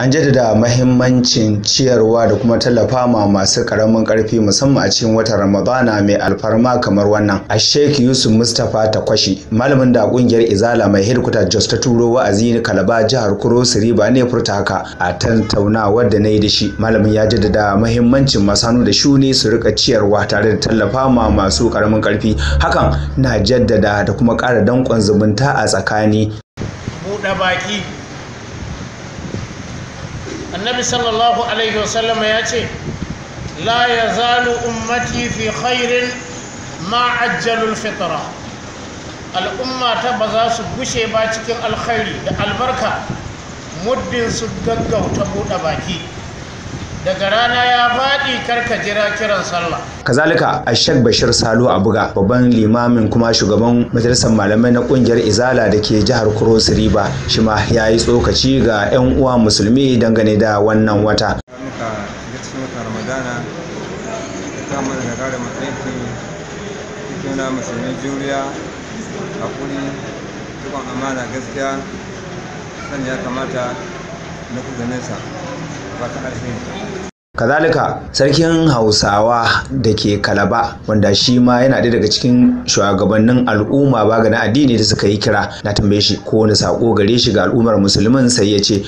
an jaddada mahimmancin ciyarwa da kuma tallafa ma masu karamin karfi musamman a cikin watan ramadana mai alfarma kamar wannan a sheikh yusuf mustapha ta kwashi malamin da kungiyar izala mai hirkuta jos ta turo wa'azi ni kalaba jihar kuros riba ne furta haka a tattaunawar da na yi da shi malamin ya jaddada mahimmancin masanu da shuni su rika ciyarwa tare da tallafa ma masu karamin karfi hakan na jaddada da kuma kara danƙon zumunta a tsakani buɗe baki annabi sallallahu alaihi wasallama ya ce la ya zalu ummati fi khairin ma'ajjalul fitra al'umma ta ba za su gushe ba cikin alkhairi da albarka muddin su gaggauta buɗe baki daga rana ya faɗi karka jira kiran sallah. kazalika a shek bashir Salo a buga babban limamin kuma shugaban majalisar malamai na kungiyar izala da ke jihar Cross River shi ma ya yi tsokaci ga 'yan uwa musulmi dangane da wannan wata musulmi juriya gaskiya sanya kamata na kuzaninsa kazalika sarkin hausawa da ke kalaba wanda shi ma yana ɗaya daga cikin shugabannin al'umma ba na addini da suka yi kira na tambaye shi ko wani sako gare shi ga al'ummar musulmin sai ya ce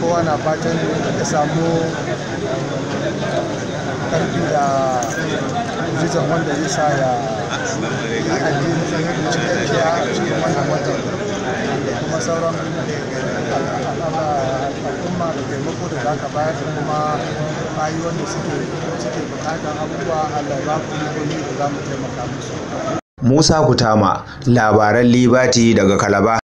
kowa na fatan ya samu ƙarfi da zizan wanda ya sa ya addini cikin da kuma sauran kuma da taimako da za ka bayar da kuma bayi wanda suke suke bukatar abubuwa Allah ya ba ku yi da za mu taimaka musu. Musa Kutama, labaran Libati daga Kalaba.